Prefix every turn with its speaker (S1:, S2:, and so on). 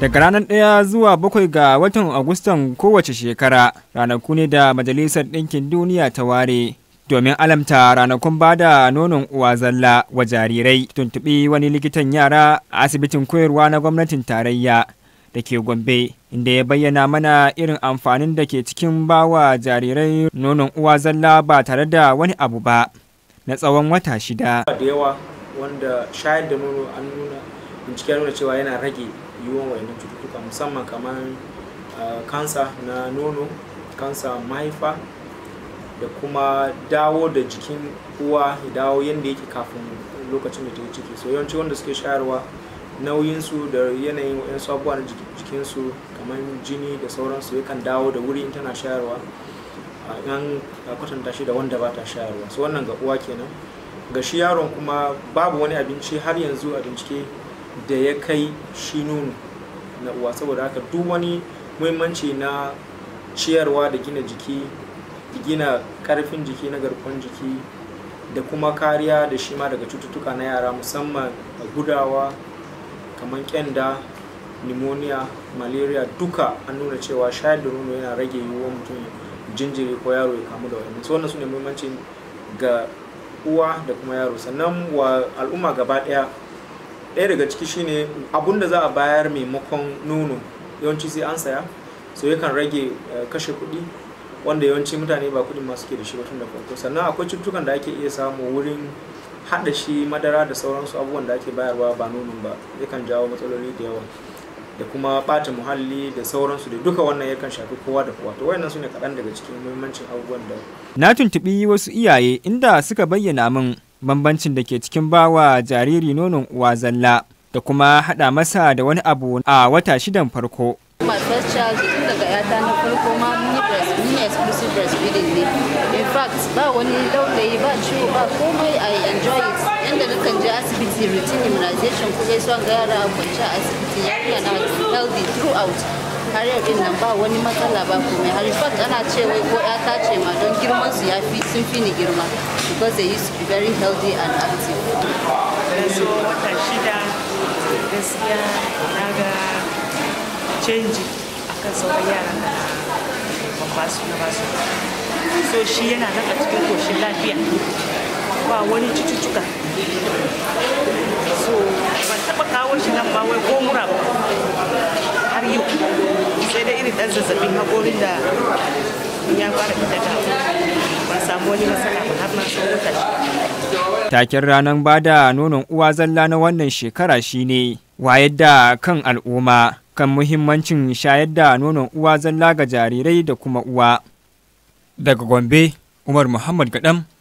S1: Daga ranar ɗaya zuwa bakwai ga watan Agustan kowace shekara ranaku ne da Majalisar Ɗinkin Duniya ta ware. Domin alamta ranakun ba da nonon uwa zalla wa jarirai tuntuɓi wani likitan yara a asibitin koyarwa na gwamnatin tarayya da ke Gombe inda ya bayyana mana irin amfanin da ke cikin bawa jarirai nonon uwa zalla ba tare da wani abu ba na tsawon wata shida.
S2: wanda shayar da nono an nuna bincike nuna cewa yana rage yiwuwan wayannan cututtuka musamman kamar kansa na nono kansa mahaifa da kuma dawo da jikin uwa ya dawo yadda yake kafin lokacin da ta ciki so yawanci wanda suke shayarwa nauyinsu da yanayin yan abubuwa na jikinsu kamar jini da sauransu yakan dawo da wuri tana shayarwa Yan kwatanta shi da wanda ba ta shayarwa so wannan ga uwa kenan ga shi yaron kuma babu wani abinci har yanzu a bincike da ya kai shi nono na uwa saboda haka duk wani muhimmanci na ciyarwa da gina jiki gina karfin jiki na garkon jiki da kuma kariya da shi ma daga cututtuka na yara musamman a gudawa kamar kyanda pneumonia malaria duka an nuna cewa shayar da nono yana rage yiwuwar mutum jinjiri ko yaro ya kamu da wani so wannan su ne muhimmancin ga uwa da kuma yaro sannan wa al'umma gaba daya ɗaya daga ciki shine abun da za a bayar maimakon nono yawanci sai an saya so yakan rage eh, kashe kuɗi wanda yawanci mutane ba kuɗin masu ke da shi tun da farko sannan akwai cututtukan da ake iya samu wurin haɗa shi madara da sauransu abubuwan da ake bayarwa ba nono ba yakan jawo matsaloli da yawa da kuma ɓata muhalli da sauransu da duka wannan yakan shafi kowa da kowa to wayannan su ne kaɗan daga cikin muhimmancin abubuwan da
S1: na tuntuɓi wasu iyaye inda suka bayyana min bambancin da ke cikin bawa jariri nonon uwa zalla da kuma haɗa masa da wani abu a wata shidan farko.
S3: daga yata na farko ma in ba wani laulayi ba ciwo ba komai a enjoy it asibiti routine immunization kuma ya son gara kwanci a asibiti yarinya na healthy throughout har yau din nan ba wani matsala ba komai har fact ana ce wai ko ya ta ce ma don girman su ya fi sun fi ni girma because they used to be very healthy and active.
S2: so wata shida gaskiya na ga
S1: canji akan sauran yara da
S2: babba su na basu.
S3: So shi yana nan a cikin koshin lafiya ba wani cututtuka
S2: dan zazzabin haƙorin da ya fara
S3: ita da ba samu wani matsala ba har na
S1: Taken ranar bada nonon uwa zalla na wannan shekara shine wayar da kan al'umma kan muhimmancin shayar da nonon uwa zalla ga jarirai da kuma uwa. Daga Gombe, Umar Muhammad Gadam,